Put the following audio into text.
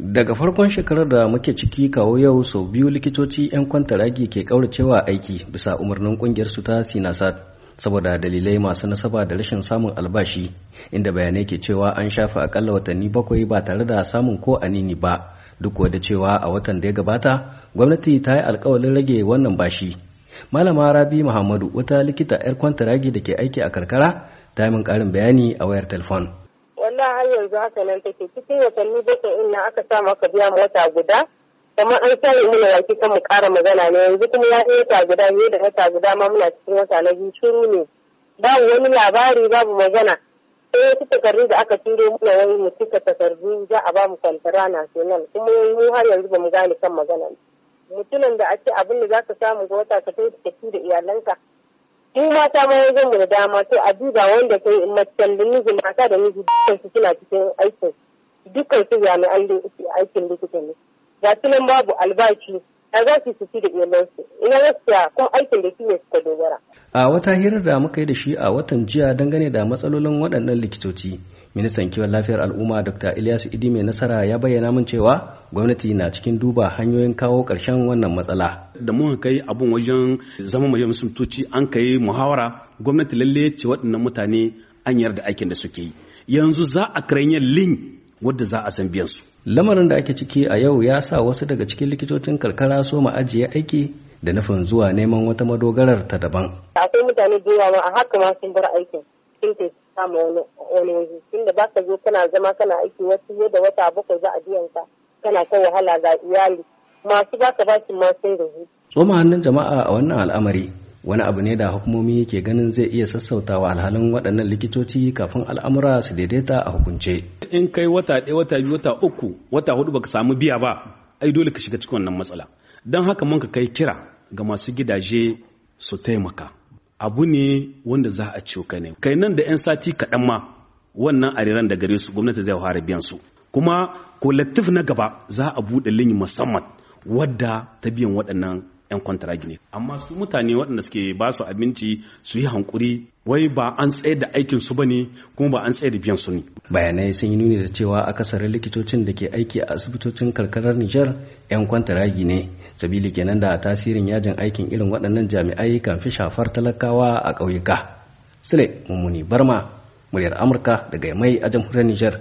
daga farkon shekarar da muke ciki kawo yau sau biyu likitoci 'yan kwantaragi ke kauracewa aiki bisa umarnin kungiyar su ta sinasat saboda dalilai masu nasaba da rashin samun albashi inda bayanai ke cewa an shafa akalla watanni bakwai ba tare da samun ko anini ba duk da cewa a watan da ya gabata gwamnati ta yi alkawalin rage wannan bashi malama rabi muhammadu wata likita 'yar kwantaragi da ke aiki a karkara ta yi min karin bayani a wayar telefon wallahi har yanzu haka nan take cikin watanni bakwai in na aka sa maka biya mota guda kuma an sa mu mun waki kan mu ƙara magana ne yanzu kuma ya yi wata guda ne da wata guda ma muna cikin wata na biyu shiru ne babu wani labari babu magana sai wasu takardu da aka turo muna wani mu cika takardu za a ba mu kwantara national kuma mu har yanzu ba mu gane kan magana mutumin da ake abin da za ka samu ga wata ka tafi da iyalanka mu mata ba ya mu da dama to a duba wanda yi macen da miji mata da miji dukkan su suna cikin aikin dukkan su jami'an aikin likita ne ga nan babu albashi a za su ci da iyalansu ina gaskiya kun aikin da kine suka dogara. A wata hirar da muka yi da shi a watan jiya dangane da matsalolin waɗannan likitoci, ministan kiwon lafiyar al'umma Dr. Ilyasu Idi mai nasara ya bayyana min cewa gwamnati na cikin duba hanyoyin kawo ƙarshen wannan matsala. Da muka kai abun wajen zama mai musulunci an kai muhawara gwamnati lalle ce waɗannan mutane an yarda aikin da suke yi. Yanzu za a kiran yin link wadda za a san biyan su lamarin da ake ciki a yau ya sa wasu daga cikin likitocin karkara so mu ajiye aiki da nufin zuwa neman wata madogarar ta daban akwai mutane da yawa a haka ma sun bar aikin sun ke samu wani waje tunda ba ka zo kana zama kana aiki wasu da wata bakwai za a biyan ka kana kai wahala ga iyali masu baka ka ba su ma sun gaji tsoma hannun jama'a a wannan al'amari wani abu ne da hukumomi ke ganin zai iya sassautawa alhalin waɗannan likitoci kafin al'amura su daidaita a hukunce in kai wata ɗaya wata biyu wata uku wata hudu baka samu biya ba ai dole ka shiga cikin wannan matsala don haka mun ka kai kira ga masu gidaje su taimaka abu ne wanda za a ciyo ne kai nan da 'yan sati kaɗan ma wannan ariran da gare su gwamnati zai fara biyan su kuma kolektif na gaba za a buɗe linyi musamman wadda ta biyan waɗannan 'yan kwantara gine. amma su mutane waɗanda suke ba su abinci su yi hankuri wai ba an tsaye da aikin su ne, kuma ba an tsaye da biyan su ne bayanai sun yi nuni da cewa akasarin likitocin da ke aiki a asibitocin karkarar Nijar 'yan kwantara gine. sabili kenan da tasirin yajin aikin irin waɗannan jami'ai kan fi shafar talakawa a ƙauyuka sule mummuni barma muryar amurka daga mai a jamhuriyar Nijar